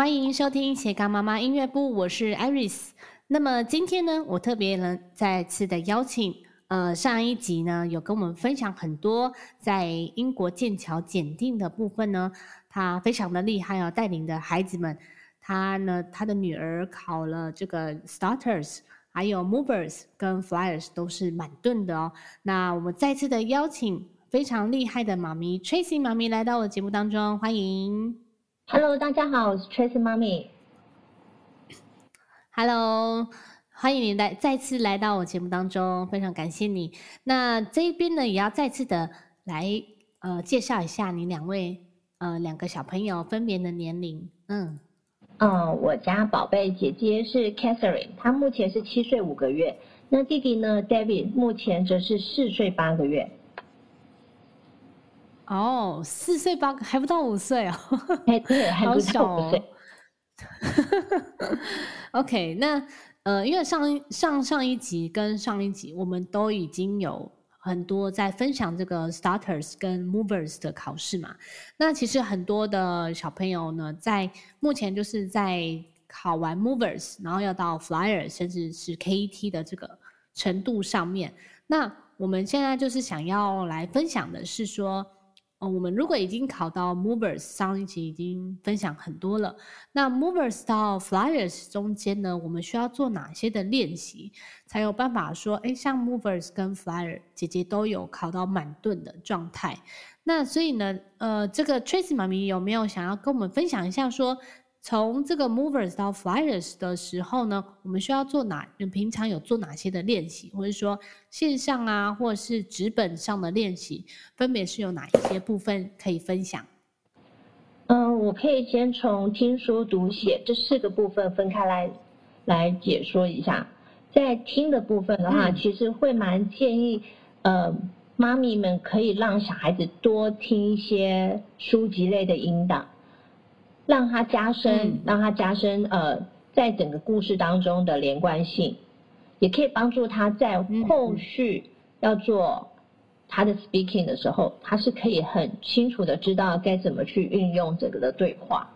歡迎收聽斜槓媽媽音樂部，我是 Iris。那麼今天呢，我特別呢再次的邀請，呃，上一集呢有跟我們分享很多在英國劍橋檢定的部分呢，他非常的厲害哦，帶領的孩子們，他呢他的女兒考了這個 Starters，還有 Movers 跟 Flyers 都是滿盾的哦。那我們再次的邀請非常厲害的媽咪 Tracy 媽咪來到我的節目當中，歡迎。Hello，大家好，我是 Tracy 媽咪。Hello，歡迎你來，再次來到我節目當中，非常感謝你。那這一邊呢，也要再次的來呃，介紹一下你兩位呃，兩個小朋友分別的年齡。嗯，嗯、呃，我家寶貝姐姐是 Catherine，她目前是七歲五個月。那弟弟呢，David，目前則是四歲八個月。哦，四歲八還不到五歲哦，哎、欸，對，好小哦。 OK，那呃，因為上上上一集跟上一集我們都已經有很多在分享這個 starters 跟 movers 的考試嘛，那其實很多的小朋友呢，在目前就是在考完 movers，然後要到 flyers，甚至是 KET 的這個程度上面，那我們現在就是想要來分享的是說。哦，我們如果已經考到 movers 上一期已經分享很多了。那 movers 到 flyers 中間呢，我們需要做哪些的練習，才有辦法說，哎，像 movers 跟 flyer 姐姐都有考到滿盾的狀態。那所以呢，呃，這個 Tracy 媽咪有沒有想要跟我們分享一下說？從這個 movers 到 flyers 的時候呢，我們需要做哪？平常有做哪些的練習，或者說線上啊，或是紙本上的練習，分別是有哪一些部分可以分享？嗯、呃，我可以先從聽說讀寫這四個部分分開來來解說一下。在聽的部分的話、嗯，其實會蠻建議，呃，媽咪們可以讓小孩子多聽一些書籍類的引導。讓他加深、嗯，讓他加深，呃，在整個故事當中的連貫性，也可以幫助他在後續要做他的 speaking 的時候，嗯、他是可以很清楚的知道該怎麼去運用這個的對話，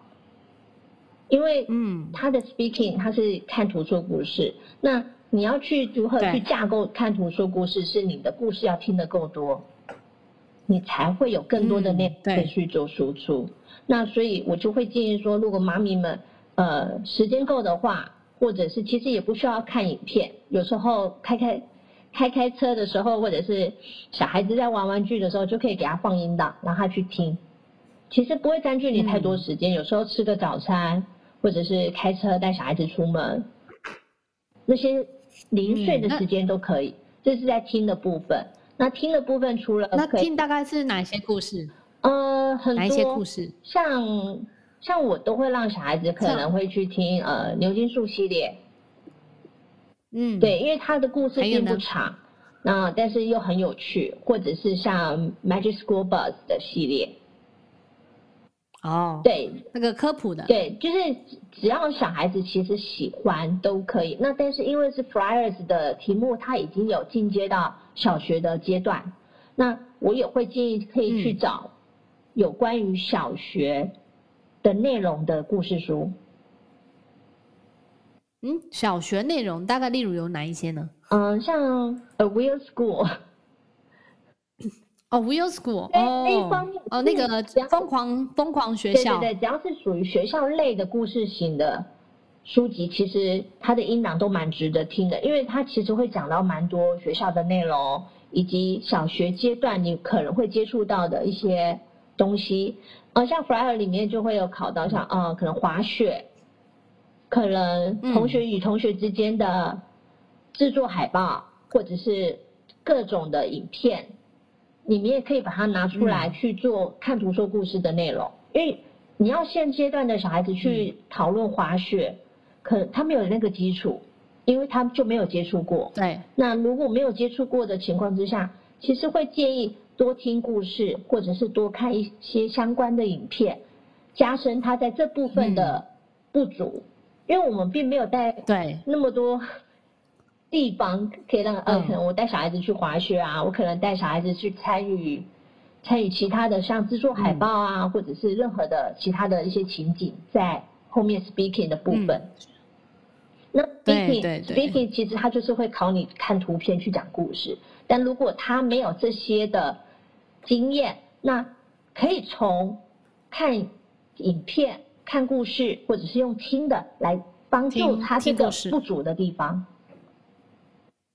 因為，嗯，他的 speaking、嗯、他是看圖說故事，那你要去如何去架構看圖說故事，是你的故事要聽得夠多，你才會有更多的內容、嗯、對去做輸出。那所以，我就會建議說，如果媽咪們，呃，時間夠的話，或者是其實也不需要看影片，有時候開開，開開車的時候，或者是小孩子在玩玩具的時候，就可以給他放音檔，讓他去聽。其實不會佔據你太多時間，嗯，有時候吃個早餐，或者是開車帶小孩子出門，那些零碎的時間都可以。嗯，這是在聽的部分。嗯，那，那聽的部分除了可以，那聽大概是哪些故事？嗯，呃。很多一些故事，像像我都會讓小孩子可能會去聽呃牛津樹系列，嗯，對，因為他的故事並不長，那、嗯、但是又很有趣，或者是像 Magic School Bus 的系列，哦，對，那個科普的，對，就是只要小孩子其實喜歡都可以。那但是因為是 Flyers 的題目，他已經有進階到小學的階段，那我也會建議可以去找、嗯。有關於小學的內容的故事書，嗯，小學內容大概例如有哪一些呢？嗯，像 A Real《Weird School》哦，oh，《Weird School》哦，那個瘋狂瘋狂學校，對對對，只要是屬於學校類的故事型的書籍，其實它的音檔都蠻值得聽的，因為它其實會講到蠻多學校的內容，以及小學階段你可能會接觸到的一些。東西，呃，像 Flyer 裡面就會有考到像啊、哦，可能滑雪，可能同學與同學之間的制作海報、嗯，或者是各種的影片，你們也可以把它拿出來去做看圖說故事的內容，嗯、因為你要現階段的小孩子去討論滑雪，嗯、可他們沒有那個基礎，因為他們就沒有接觸過。對。那如果沒有接觸過的情況之下，其實會建議。多聽故事，或者是多看一些相關的影片，加深他在這部分的不足。嗯、因為我們並沒有帶對那麼多地方可以讓呃，可能我帶小孩子去滑雪啊，我可能帶小孩子去參與參與其他的，像制作海報啊、嗯，或者是任何的其他的一些情景，在後面 speaking 的部分。嗯、那 speaking speaking 其實他就是會考你看圖片去講故事。但如果他沒有這些的經驗，那可以從看影片、看故事，或者是用聽的來幫助他這個不足的地方。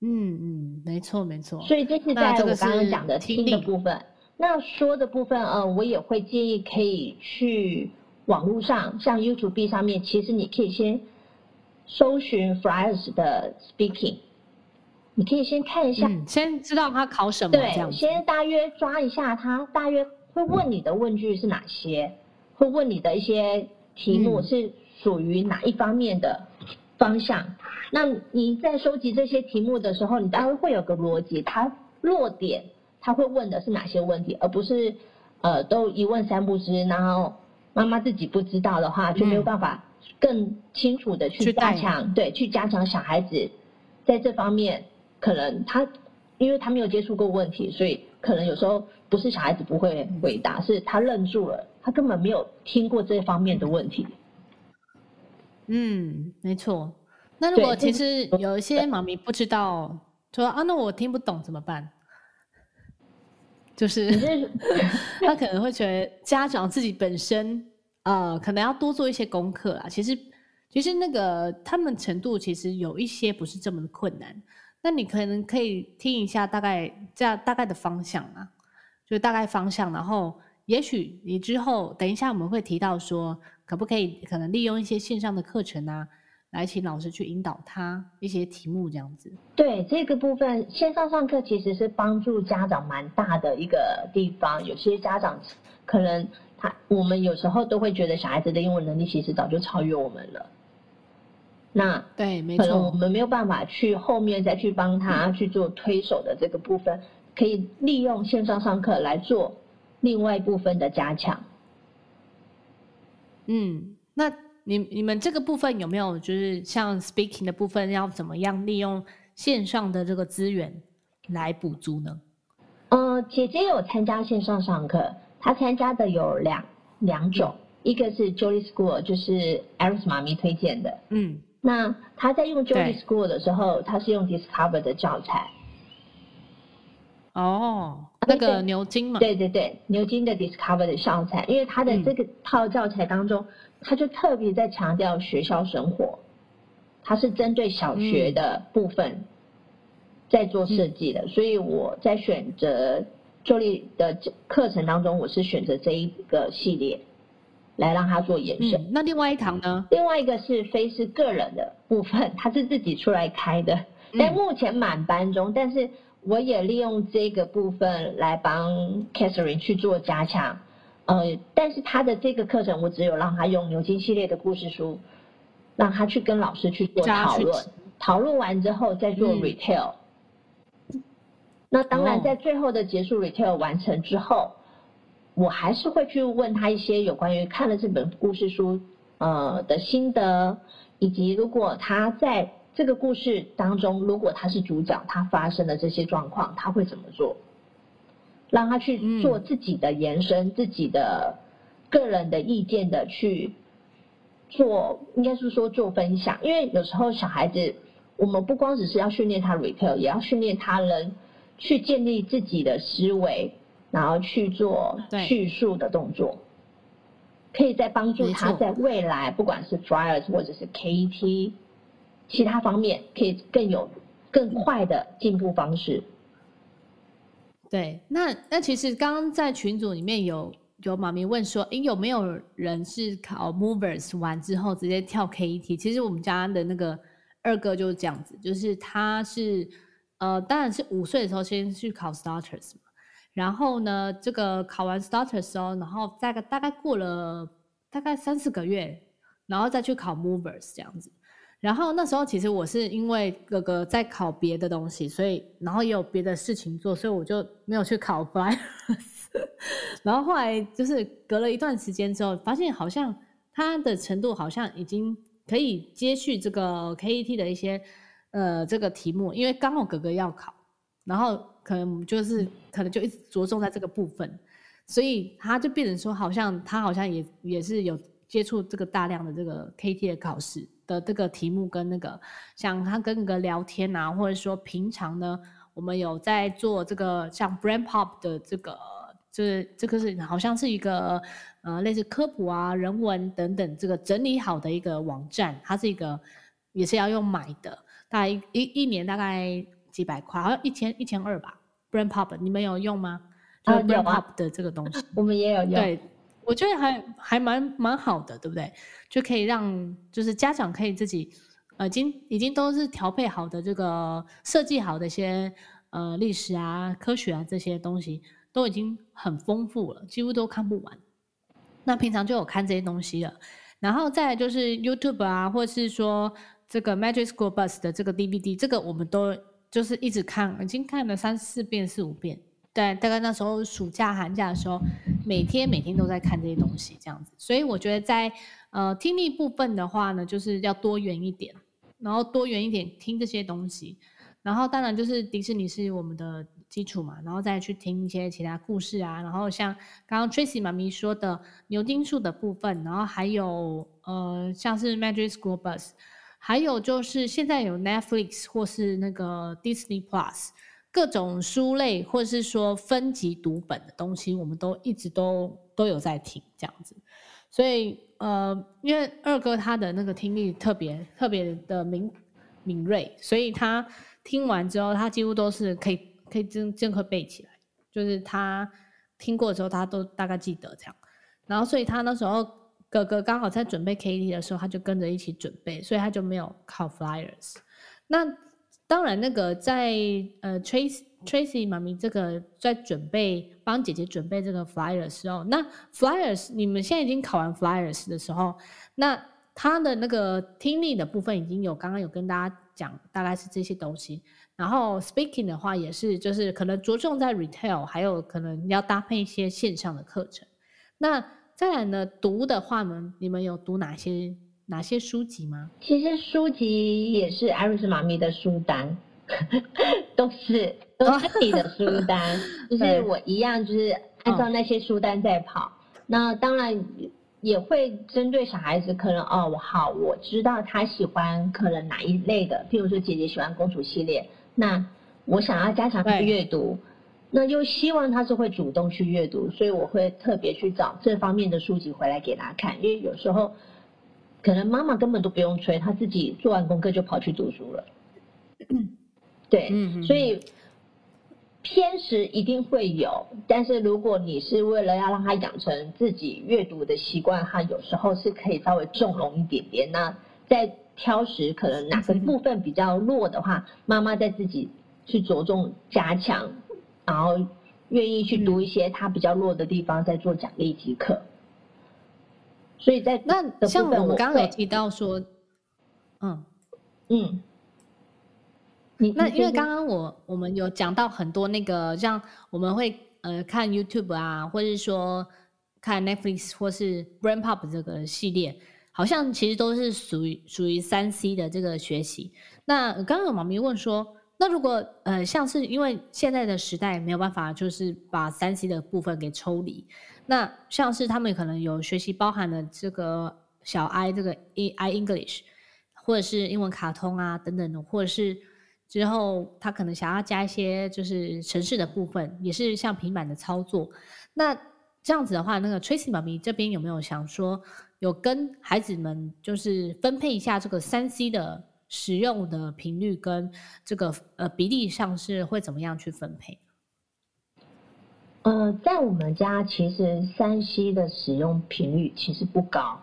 嗯、就是、嗯，沒錯沒錯。所以這是在我剛剛講的聽的部分。那，那說的部分，呃，我也會建議可以去網路上，像 YouTube 上面，其實你可以先搜尋 Flyers 的 speaking。你可以先看一下，嗯、先知道他考什麼，對，先大約抓一下他，大約會問你的問句是哪些，會問你的一些題目是屬於哪一方面的方向。嗯、那你在收集這些題目的時候，你大約會有個邏輯，他落點他會問的是哪些問題，而不是呃都一問三不知，然後媽媽自己不知道的話就沒有辦法更清楚的去加強，對，去加強小孩子在這方面。可能他，因為他沒有接觸過問題，所以可能有時候不是小孩子不會回答，是他愣住了，他根本沒有聽過這方面的問題。嗯，沒錯。那如果其實有一些媽咪不知道，說、呃、說啊，那我聽不懂怎麼辦？就是、就是、 他可能會覺得家長自己本身啊、呃，可能要多做一些功課啊。其實，其實那個他們程度其實有一些不是這麼困難。那你可能可以聽一下大概這樣大概的方向啊，就大概方向，然後也許你之後等一下我們會提到說，可不可以可能利用一些線上的課程啊，來請老師去引導他一些題目這樣子。對，這個部分線上上課其實是幫助家長蠻大的一個地方，有些家長可能他，我們有時候都會覺得小孩子的英文能力其實早就超越我們了。那可能我們沒有辦法去後面再去幫他去做推手的這個部分，可以利用線上上課來做另外一部分的加強。嗯，那你你們這個部分有沒有就是像 speaking 的部分要怎麼樣利用線上的這個資源來補足呢？嗯，姐姐有參加線上上課，她參加的有兩兩種，一個是 Jolly School，就是 Alice 媽咪推薦的，嗯。那他在用 Joy School 的時候，他是用 Discover 的教材。哦、oh，那個牛津嘛。對對對，牛津的 Discover 的教材，因為他的這個套教材當中、嗯，他就特別在強調學校生活，他是針對小學的部分在做設計的，嗯、所以我在選擇 Joy 的課程當中，我是選擇這一個系列，來讓他做延伸。那另外一堂呢？另外一個是非是個人的部分，他是自己出來開的，在目前滿班中。但是我也利用這個部分來幫 Catherine 去做加強。呃，但是他的這個課程我只有讓他用牛津系列的故事書，讓他去跟老師去做討論。討論完之後再做 retail。那當然，在最後的結束 retail 完成之後。我還是會去問他一些有關於看了這本故事書，呃的心得，以及如果他在這個故事當中，如果他是主角，他發生了這些狀況，他會怎麼做？讓他去做自己的延伸，嗯，自己的個人的意見的去做，應該是說做分享，因為有時候小孩子，我們不光只是要訓練他 repeat，也要訓練他人去建立自己的思維。然後去做敘述的動作，可以再幫助他在未來，不管是 Flyers 或者是 KET，其他方面可以更有更快的進步方式。對，那那其實剛剛在群組裡面有有媽咪問說，哎，有沒有人是考 Movers 完之後直接跳 KET？其實我們家的那個二哥就是這樣子，就是他是呃，當然是五歲的時候先去考 Starters 嘛。然後呢，這個考完 starter 的時候，然後再個大概過了大概三四個月，然後再去考 movers 這樣子。然後那時候其實我是因為哥哥在考別的東西，所以然後也有別的事情做，所以我就沒有去考 flyers。然後後來就是隔了一段時間之後，發現好像他的程度好像已經可以接續這個 KET 的一些呃這個題目，因為剛好哥哥要考，然後。可能就是可能就一直着重在這個部分，所以他就變成說，好像他好像也也是有接觸這個大量的這個 K T 的考試的這個題目跟那個，像他跟那個聊天啊，或者說平常呢，我們有在做這個像 BrainPOP 的這個，就是這個是好像是一個呃類似科普啊、人文等等這個整理好的一個網站，它是一個也是要用買的，大概一一,一年大概。一百塊，好像一千一千二吧。Brain Pop 你們有用嗎？Brain Pop 的這個東西我們也有用，對，我覺得還還蠻蠻好的，對不對？就可以讓就是家長可以自己呃，已經已經都是調配好的這個設計好的一些呃歷史啊、科學啊這些東西都已經很豐富了，幾乎都看不完。那平常就有看這些東西了，然後再就是 YouTube 啊，或者是說這個 Magic School Bus 的這個 DVD，這個我們都。就是一直看，已經看了三四遍、四五遍。對，大概那時候暑假、寒假的時候，每天每天都在看這些東西，這樣子。所以我覺得在呃聽力部分的話呢，就是要多元一點，然後多元一點聽這些東西。然後當然就是迪士尼是我們的基礎嘛，然後再去聽一些其他故事啊。然後像剛剛 Tracy 媽咪說的牛津樹的部分，然後還有呃像是 Magic School Bus。還有就是，現在有 Netflix 或是那個 Disney Plus，各種書類或是說分級讀本的東西，我們都一直都都有在聽這樣子。所以，呃，因為二哥他的那個聽力特別特別的敏敏銳，所以他聽完之後，他幾乎都是可以可以正立刻背起來，就是他聽過之後，他都大概記得這樣。然後，所以他那時候。哥哥剛好在準備 KT 的時候，他就跟着一起準備，所以他就沒有考 Flyers。那當然，那個在呃 Tracy Tracy 媽咪這個在準備幫姐姐準備這個 Flyers 的時候，那 Flyers 你們現在已經考完 Flyers 的時候，那他的那個聽力的部分已經有剛剛有跟大家講，大概是這些東西。然後 Speaking 的話也是，就是可能着重在 Retail，還有可能要搭配一些線上的課程。那當然呢，讀的話呢，你們有讀哪些哪些書籍嗎？其實書籍也是艾瑞斯媽咪的書單，都是都是你的書單，哦、就是我一樣，就是按照那些書單在跑。哦、那當然也會針對小孩子，可能哦，我好，我知道他喜歡，可能哪一類的。譬如說，姐姐喜歡公主系列，那我想要加強她的閱讀。那又希望他是會主動去閱讀，所以我會特別去找這方面的書籍回來給他看。因為有時候可能媽媽根本都不用催，他自己做完功課就跑去讀書了。嗯、對、嗯，所以偏食一定會有，但是如果你是為了要讓他養成自己閱讀的習慣，他有時候是可以稍微縱容一點點。那在挑食，可能哪個部分比較弱的話，媽媽在自己去着重加強。然後願意去讀一些他比較弱的地方，再做獎勵即可。所以，在那像我們剛剛有提到說，嗯嗯，你那因為剛剛我我們有講到很多那個，像我們會呃看 YouTube 啊，或者是說看 Netflix 或是 Brain Pop 這個系列，好像其實都是屬於屬於三 C 的這個學習。那剛剛有媽咪問說。那如果呃像是因為現在的時代沒有辦法就是把三 C 的部分給抽離，那像是他們可能有學習包含了這個小 I 這個 I English，或者是英文卡通啊等等的，或者是之後他可能想要加一些就是程式的部分，也是像平板的操作，那這樣子的話，那個 Tracy 媽咪這邊有沒有想說有跟孩子們就是分配一下這個三 C 的？使用的頻率跟這個呃比例上是會怎麼樣去分配？呃，在我們家其實三 C 的使用頻率其實不高，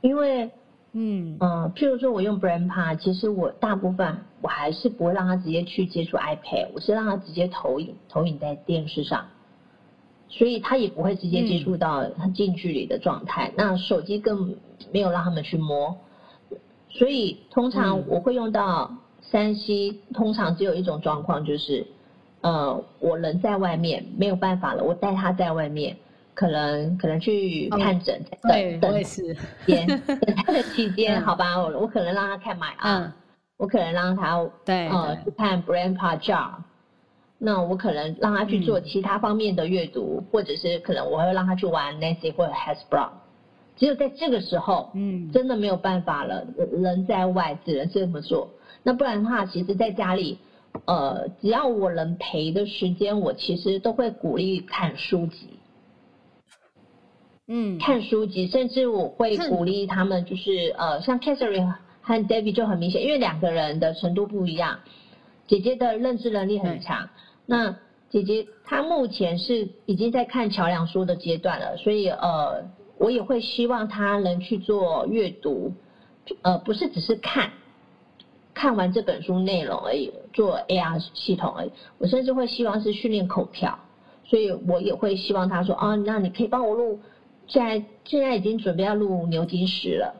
因為嗯呃譬如說我用 Brand Pad，其實我大部分我還是不會讓他直接去接觸 iPad，我是讓他直接投影投影在電視上，所以他也不會直接接觸到他近距離的狀態，嗯。那手機更沒有讓他們去摸。所以通常我會用到 3C、嗯。通常只有一種狀況就是，呃，我人在外面沒有辦法了，我帶他在外面，可能可能去看診，okay, 診對，等時間，等他的期間，好吧，我我可能讓他看買啊、嗯，我可能讓他呃對對去看 brand pa job 那我可能讓他去做、嗯、其他方面的閱讀，或者是可能我會讓他去玩 Nancy 或者 Hasbro。只有在這個時候，嗯，真的沒有辦法了。嗯、人在外，只能這麼做。那不然的話，其實，在家裡，呃，只要我能陪的時間，我其實都會鼓勵看書籍。嗯，看書籍，甚至我會鼓勵他們，就是呃，像 Catherine 和 David 就很明顯，因為兩個人的程度不一樣。姐姐的認知能力很強，嗯、那姐姐她目前是已經在看橋樑書的階段了，所以呃。我也會希望他能去做閱讀，呃，不是只是看，看完這本書內容而已，做 AR 系統而已。我甚至會希望是訓練口條，所以我也會希望他說啊、哦，那你可以幫我錄。現在現在已經準備要錄《牛津石》了，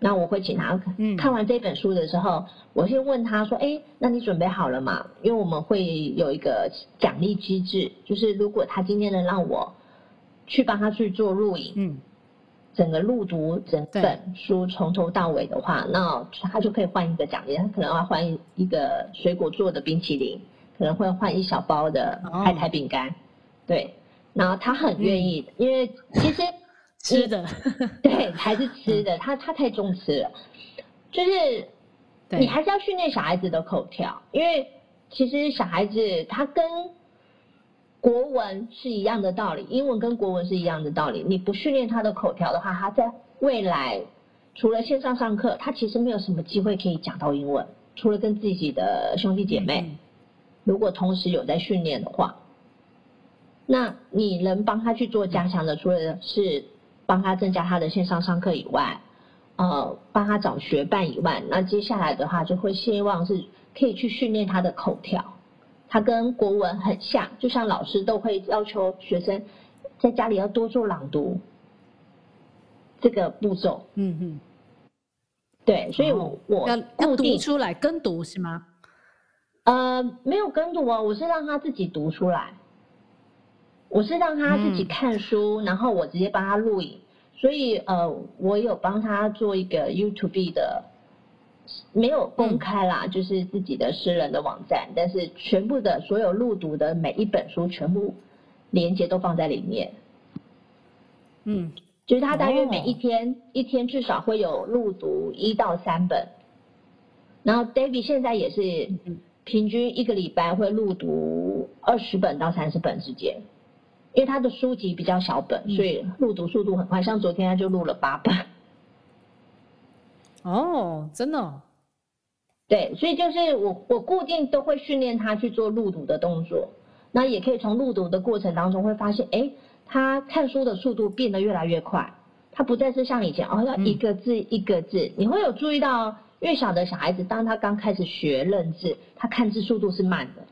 那我會請他、嗯、看完這本書的時候，我先問他說：“哎，那你準備好了嗎？”因為我們會有一個獎勵機制，就是如果他今天能讓我去幫他去做錄影，嗯。整個路讀整本書從頭到尾的話，那他就可以換一個獎勵，他可能要換一一個水果做的冰淇淋，可能會換一小包的海苔餅乾，Oh. 對，然後他很願意，因為其實吃的對還是吃的， 他他太重吃了，就是你還是要訓練小孩子的口條，因為其實小孩子他跟。國文是一樣的道理，英文跟國文是一樣的道理。你不訓練他的口條的話，他在未來除了線上上課，他其實沒有什麼機會可以講到英文，除了跟自己的兄弟姐妹。如果同時有在訓練的話，那你能幫他去做加強的，除了是幫他增加他的線上上課以外，呃，幫他找學伴以外，那接下來的話就會希望是可以去訓練他的口條。它跟國文很像，就像老師都會要求學生在家裡要多做朗讀這個步驟。嗯嗯，對，所以我、哦、我要要讀出來跟讀是嗎？呃，沒有跟讀啊，我是讓他自己讀出來，我是讓他自己看書，嗯、然後我直接幫他錄影，所以呃，我有幫他做一個 YouTube 的。沒有公開啦，嗯、就是自己的私人的網站，但是全部的所有錄讀的每一本書，全部連接都放在裡面。嗯，就是他大約每一天一天至少會有錄讀一到三本，然後 David 現在也是平均一個禮拜會錄讀二十本到三十本之間，因為他的書籍比較小本，所以錄讀速度很快，像昨天他就錄了八本。哦、oh，真的、哦，對，所以就是我，我固定都會訓練他去做入讀的動作，那也可以從入讀的過程當中會發現，哎，他看書的速度變得越來越快，他不再是像以前哦，要一個字，一個字、嗯，你會有注意到，越小的小孩子，當他剛開始學認字，他看字速度是慢的。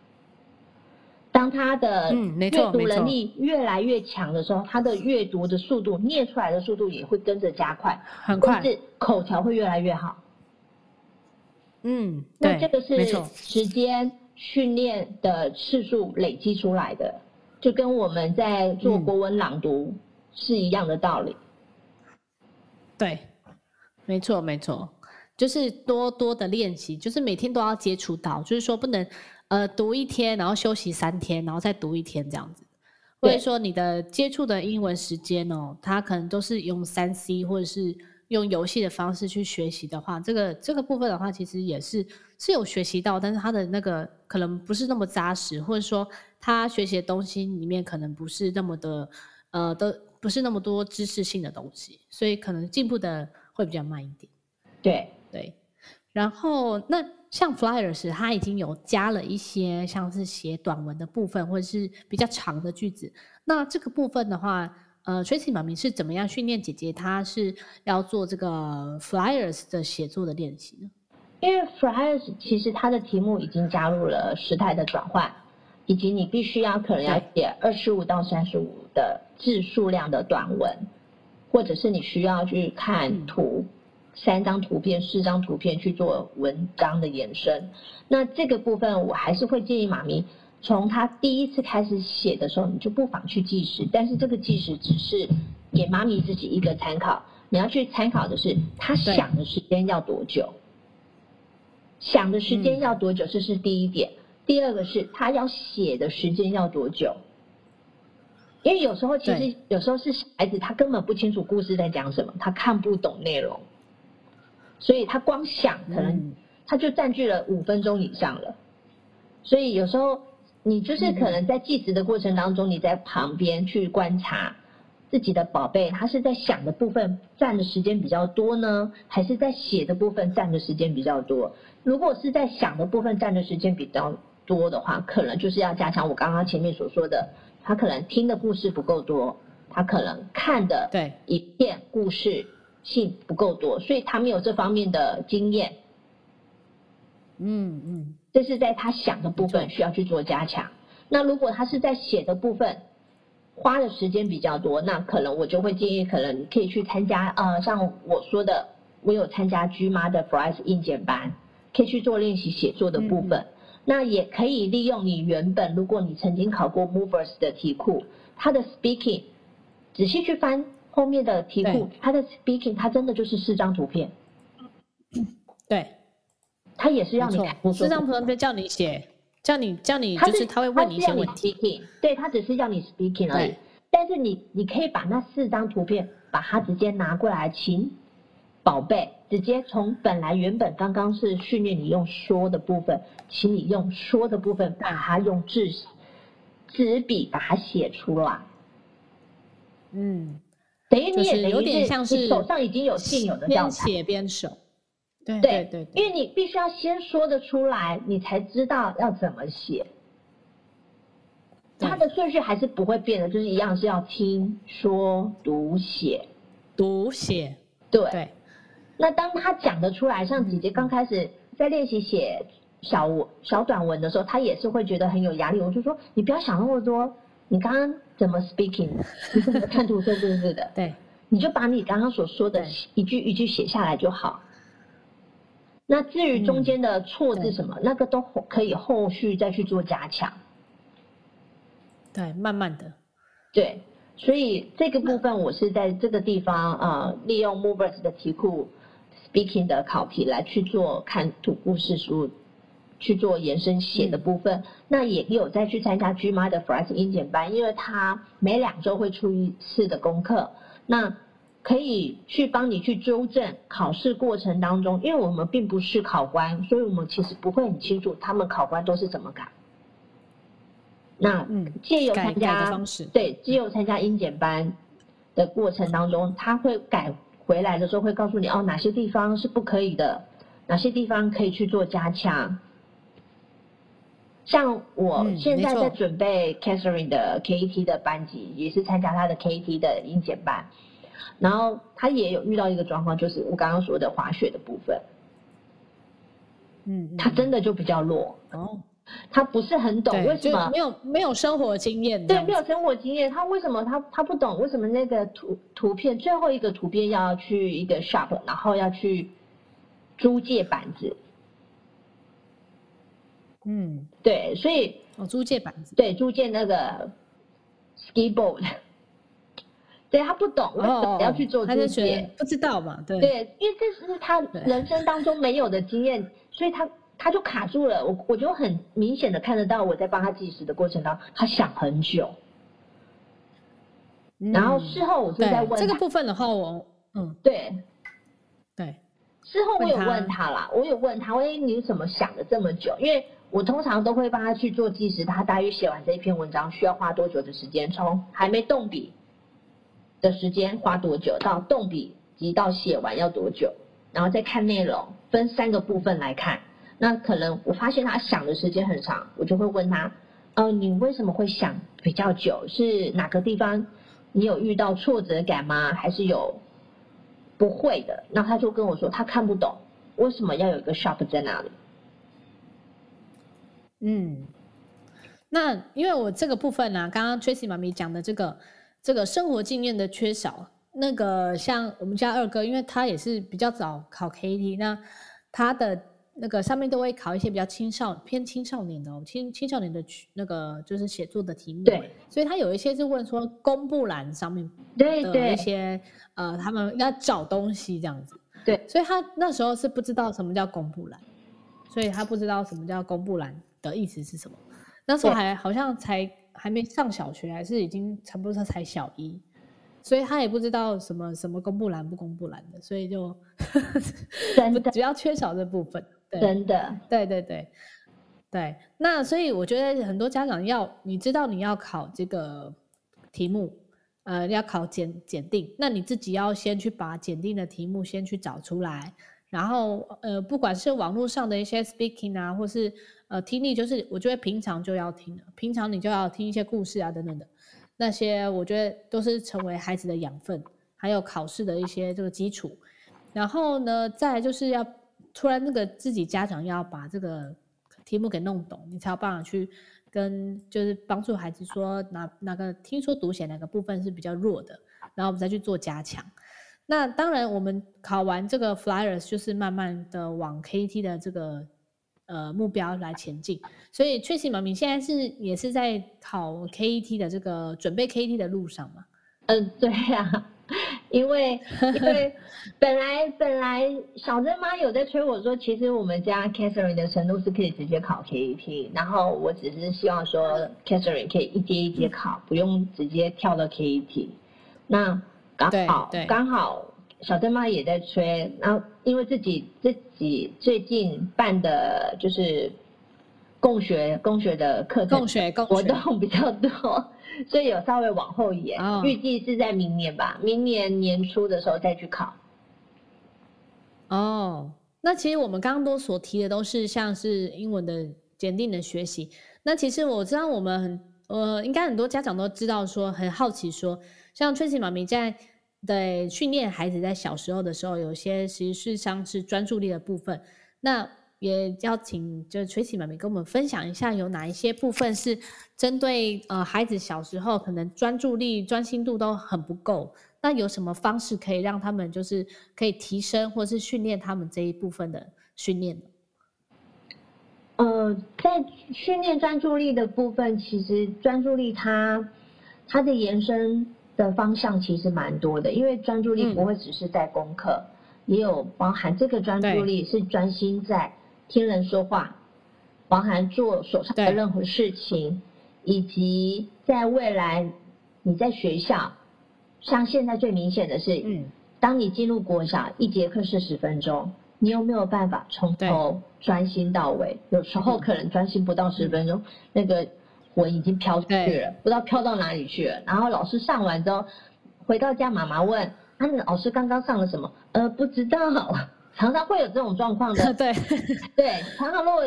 當他的閱讀能力越來越強的時候，嗯、他的閱讀的速度，念出來的速度也會跟着加快，很快，是口條會越來越好。嗯，對，這個是時間訓練的次數累積出來的，就跟我們在做國文朗讀是一樣的道理、嗯。對，沒錯，沒錯，就是多多的練習，就是每天都要接觸到，就是說不能。呃，讀一天，然後休息三天，然後再讀一天這樣子，或者說你的接觸的英文時間哦，他可能都是用三 C 或者是用遊戲的方式去學習的話，這個這個部分的話，其實也是是有學習到，但是他的那個可能不是那麼紮實，或者說他學習的東西裡面可能不是那麼的呃，都不是那麼多知識性的東西，所以可能進步的會比較慢一點。對對，然後那。像 flyers 它已經有加了一些像是寫短文的部分，或者是比較長的句子，那這個部分的話，呃，Tracy 媽咪是怎麼樣訓練姐姐，她是要做這個 flyers 的寫作的練習呢？因為 flyers 其實它的題目已經加入了時態的轉換，以及你必須要可能要寫二十五到三十五的字數量的短文，或者是你需要去看圖。嗯三張圖片、四張圖片去做文章的延伸，那這個部分我還是會建議媽咪從他第一次開始寫的時候，你就不妨去計時。但是這個計時只是給媽咪自己一個參考，你要去參考的是他想的時間要多久，想的時間要多久，嗯，這是第一點。第二個是他要寫的時間要多久，因為有時候其實有時候是孩子他根本不清楚故事在講什麼，他看不懂內容。所以他光想，可能他就佔據了五分鐘以上了。所以有時候你就是可能在計時的過程當中，你在旁邊去觀察自己的寶貝，他是在想的部分佔的時間比較多呢，還是在寫的部分佔的時間比較多？如果是在想的部分佔的時間比較多的話，可能就是要加強我剛剛前面所說的，他可能聽的故事不夠多，他可能看的一遍故事，性不夠多，所以他沒有這方面的經驗。嗯嗯，這是在他想的部分需要去做加強。那如果他是在寫的部分，花的時間比較多，那可能我就會建議，可能你可以去參加呃，像我說的，我有參加 G 媽的 Fries 應檢班，可以去做練習寫作的部分，嗯。那也可以利用你原本，如果你曾經考過 Movers 的題庫，他的 Speaking 仔細去翻，後面的題庫，他的 speaking，他真的就是四張圖片，對，他也是讓你寫四張圖片叫你寫，叫你寫，叫你叫你，就是他會問你一些問題，他是，他是要你 speaking, 對他只是讓你 speaking 而已，對，但是你你可以把那四張圖片把它直接拿過來，請寶貝直接從本來原本剛剛是訓練你用說的部分，請你用說的部分把它用紙紙筆把它寫出來，嗯。等於你也等於就是手上已經有現有的教材，寫邊手，對對對，因為你必須要先說得出來，你才知道要怎麼寫。他的順序還是不會變的，就是一樣是要聽說讀寫。讀寫，對。對，那當他講得出來，像姐姐剛開始在練習寫小小短文的時候，他也是會覺得很有壓力。我就說，你不要想那麼多。你剛剛怎麼 speaking？你是怎麼看圖說故事的？ 對，你就把你剛剛所說的，一句一句寫下來就好。那至於中間的錯字什麼、嗯，那個都可以後續再去做加強。對，慢慢的。對，所以這個部分我是在這個地方啊、呃，利用 Movers 的題庫 speaking 的考題來去做看圖故事書，去做延伸寫的部分，嗯、那也有再去參加 G m 媽的 Flash 英檢班，因為他每兩周會出一次的功課，那可以去幫你去糾正考試過程當中，因為我們並不是考官，所以我們其實不會很清楚他們考官都是怎麼、嗯、改。那借由參加，對，借由參加英檢班的過程當中，他會改回來的時候，會告訴你哦，哪些地方是不可以的，哪些地方可以去做加強。像我現在在準備 Catherine 的 KET 的班級、嗯，也是參加他的 KET 的英檢班，然後他也有遇到一個狀況，就是我剛剛說的滑雪的部分，嗯，他真的就比較弱哦，他、嗯、不是很懂為什麼對，沒有沒有生活經驗，對，沒有生活經驗，他為什麼他他不懂為什麼那個圖圖片最後一個圖片要去一個 shop，然後要去租借板子。嗯，對，所以哦，租借板子對，租借那個 skateboard， 對他不懂哦哦哦，為什麼要去做租借，哦哦，不知道嘛？對對，因為這是他人生當中沒有的經驗，所以他他就卡住了。我我就很明顯的看得到，我在幫他計時的過程當中，他想很久。嗯、然後事後我就、嗯、在問這個部分的話我，我嗯，對對，事後我有問他啦，他我有問他，哎，你怎麼想的這麼久？因為我通常都會幫他去做計時，他大約寫完這一篇文章需要花多久的時間？從還沒動筆的時間花多久，到動筆及到寫完要多久，然後再看內容，分三個部分來看。那可能我發現他想的時間很長，我就會問他，嗯、呃，你為什麼會想比較久？是哪個地方？你有遇到挫折感嗎？還是有不會的？那他就跟我說，他看不懂為什麼要有一個 shop 在那裡？嗯，那因為我這個部分呢、啊，剛剛 Tracy 媽咪講的這個這個生活經驗的缺少，那個像我們家二哥，因為他也是比較早考 K T，那他的那個上面都會考一些比較青少偏青少年的青、哦、青少年的那個就是寫作的題目，對，所以他有一些是問說公布欄上面的一些對對呃，他們要找東西這樣子，對，所以他那時候是不知道什麼叫公布欄，所以他不知道什麼叫公布欄。的意思是什麼？那時候還好像才還沒上小學，還是已經差不多才小一，所以他也不知道什麼什麼公布欄不公布欄的，所以就呵呵只要缺少這部分對。真的，對對對，對。那所以我覺得很多家長要你知道你要考這個題目，呃，要考檢檢定，那你自己要先去把檢定的題目先去找出來。然後呃，不管是網絡上的一些 speaking 啊，或是呃聽力，就是我覺得平常就要聽，平常你就要聽一些故事啊等等的，那些我覺得都是成為孩子的養分，還有考試的一些這個基礎。然後呢，再就是要突然那個自己家長要把這個題目給弄懂，你才有辦法去跟就是幫助孩子說哪哪個聽說讀寫哪個部分是比較弱的，然後我們再去做加強。那當然，我們考完這個 Flyers 就是慢慢的往 KET 的這個呃目標來前進。所以，Tracy 媽咪現在是也是在考 KET 的這個準備 KET 的路上嘛？嗯，對呀、啊，因為因為本來， 本來本來小珍媽有在催我說，其實我們家 Catherine 的程度，是可以直接考 KET，然後我只是希望說 Catherine 可以一階一階考，不用直接跳到 KET。那剛好剛好，剛好小珍媽也在催，然後因為自己自己最近辦的就是共學共學的課程，共學、共學活動比較多，所以有稍微往後延。哦，預計是在明年吧，明年年初的時候再去考。哦，那其實我們剛剛都所提的都是像是英文的檢定的學習。那其實我知道我們很呃，應該很多家長都知道說，說很好奇說。像崔 r a 媽咪在的訓練孩子，在小時候的時候，有些其實是像是專注力的部分。那也要請就是 t 媽咪跟我們分享一下，有哪一些部分是針對呃孩子小時候可能專注力、專心度都很不夠，那有什麼方式可以讓他們就是可以提升，或是訓練他們這一部分的訓練？呃，在訓練專注力的部分，其實專注力它它的延伸。的方向其實蠻多的，因為專注力不會只是在功課，嗯，也有包含這個專注力是專心在聽人說話，包含做手上的任何事情，以及在未來你在學校，像現在最明顯的是，嗯，當你進入國小一節課是十分鐘，你有沒有辦法從頭專心到尾？有時候可能專心不到十分鐘，嗯、那個。我已經飄出去了，不知道飄到哪裡去了。然後老師上完之後，回到家媽媽問：“啊，老師剛剛上了什麼？”呃，不知道。常常會有這種狀況的，對對，常常如果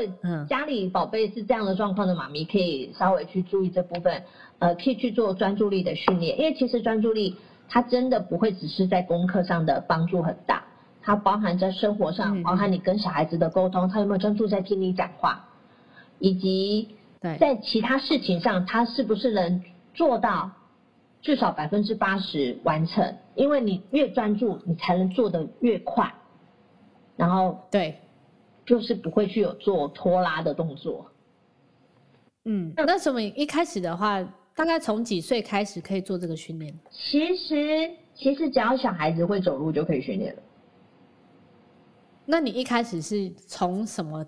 家裡寶貝是這樣的狀況的，媽咪可以稍微去注意這部分，呃，可以去做專注力的訓練。因為其實專注力它真的不會只是在功課上的幫助很大，它包含在生活上，包含你跟小孩子的溝通，他有沒有專注在聽你講話，以及。在其他事情上，他是不是能做到至少百分之八十完成？因為你越專注，你才能做得越快。然後，對，就是不會去有做拖拉的動作。嗯，那那什麼一開始的話，大概從幾歲開始可以做這個訓練？其實，其實只要小孩子會走路就可以訓練了。那你一開始是從什麼、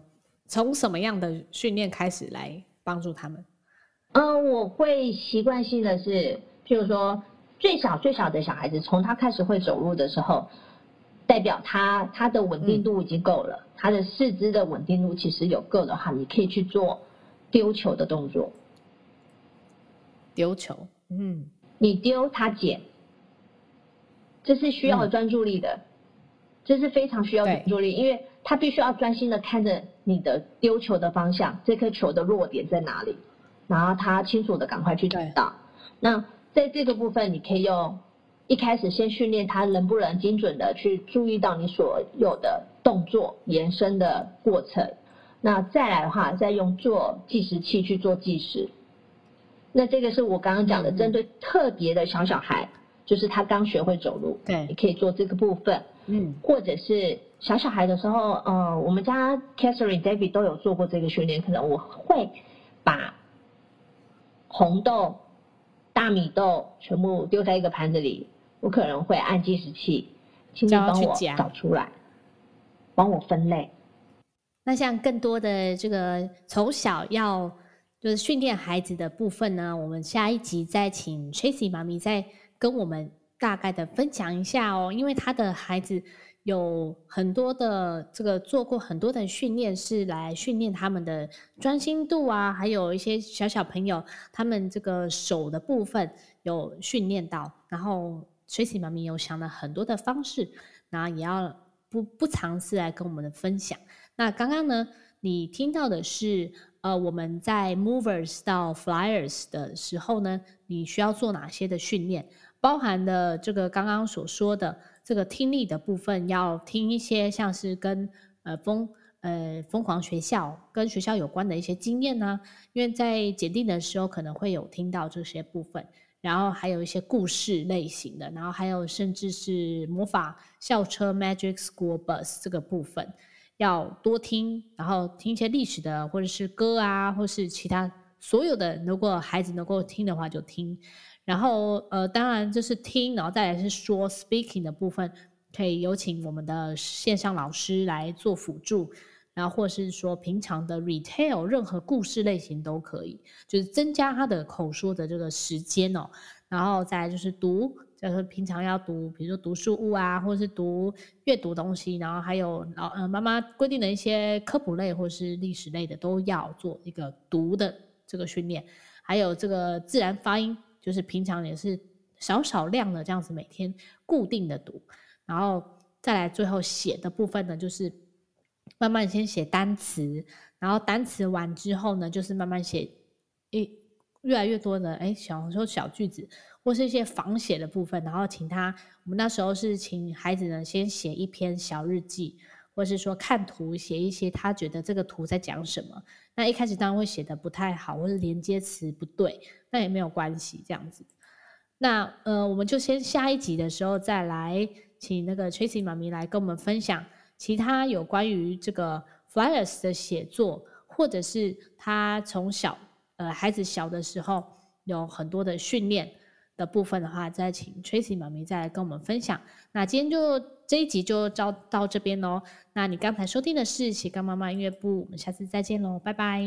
從什麼樣的訓練開始來？幫助他們，嗯、呃，我會習慣性的是，譬如說，最小最小的小孩子，從他開始會走路的時候，代表他他的穩定度已經夠了，嗯，他的四肢的穩定度其實有夠的話，你可以去做丟球的動作，丟球，嗯，你丟他撿，這是需要專注力的，嗯，這是非常需要專注力，因為他必須要專心的看着。你的丟球的方向，這顆球的落點在哪裡？然後他清楚的趕快去找到。那在這個部分，你可以用一開始先訓練他能不能精準的去注意到你所有的動作延伸的過程。那再來的話，再用做計時器去做計時。那這個是我剛剛講的，針對特別的小小孩，嗯嗯，就是他剛學會走路，對，你可以做這個部分。嗯，或者是小小孩的時候，呃，我們家 Catherine、David 都有做過這個訓練，可能我會把紅豆、大米豆全部丟在一個盤子裡，我可能會按計時器，請你幫我找出來找，幫我分類。那像更多的這個從小要就是訓練孩子的部分呢，我們下一集再請 Tracy 媽咪再跟我們。大概的分享一下哦，因為他的孩子有很多的這個，做過很多的訓練，是來訓練他們的專心度啊，還有一些小小朋友他們這個手的部分有訓練到。然後崔 w 媽咪有想了很多的方式，然後也要不不嘗試來跟我們的分享。那剛剛呢，你聽到的是呃我們在 Movers 到 Flyers 的時候呢，你需要做哪些的訓練？包含的這個剛剛所說的這個聽力的部分，要聽一些像是跟呃瘋呃瘋狂學校跟學校有關的一些經驗呢、啊，因為在檢定的時候可能會有聽到這些部分。然後還有一些故事類型的，然後還有甚至是魔法校車 （Magic School Bus） 這個部分要多聽，然後聽一些歷史的或者是歌啊，或者是其他所有的，如果孩子能夠聽的話就聽。然後呃，當然就是聽，然後再來是說 speaking 的部分，可以有請我們的線上老師來做輔助，然後或是說平常的 retell 任何故事類型都可以，就是增加他的口說的這個時間哦。然後再來就是讀，就是平常要讀，比如說讀書物啊，或者是讀閱讀東西，然後還有老嗯媽媽規定的一些科普類或者是歷史類的，都要做一個讀的這個訓練，還有這個自然發音。就是平常也是少少量的這樣子，每天固定的讀，然後再來最後寫的部分呢，就是慢慢先寫單詞，然後單詞完之後呢，就是慢慢寫，誒，越來越多的誒，小紅書小句子，或是一些仿寫的部分，然後請他，我們那時候是請孩子呢先寫一篇小日記。或是說看圖寫一些他覺得這個圖在講什麼，那一開始當然會寫得不太好，或者連接詞不對，那也沒有關係，這樣子。那呃，我們就先下一集的時候再來請那個 Tracy 媽咪來跟我們分享其他有關於這個 Flyers 的寫作，或者是他從小呃孩子小的時候有很多的訓練的部分的話，再請 Tracy 媽咪再來跟我們分享。那今天就。這一集就照到，到這邊嘍。那你剛才收聽的是《斜槓媽媽音樂部》，我們下次再見嘍，拜拜。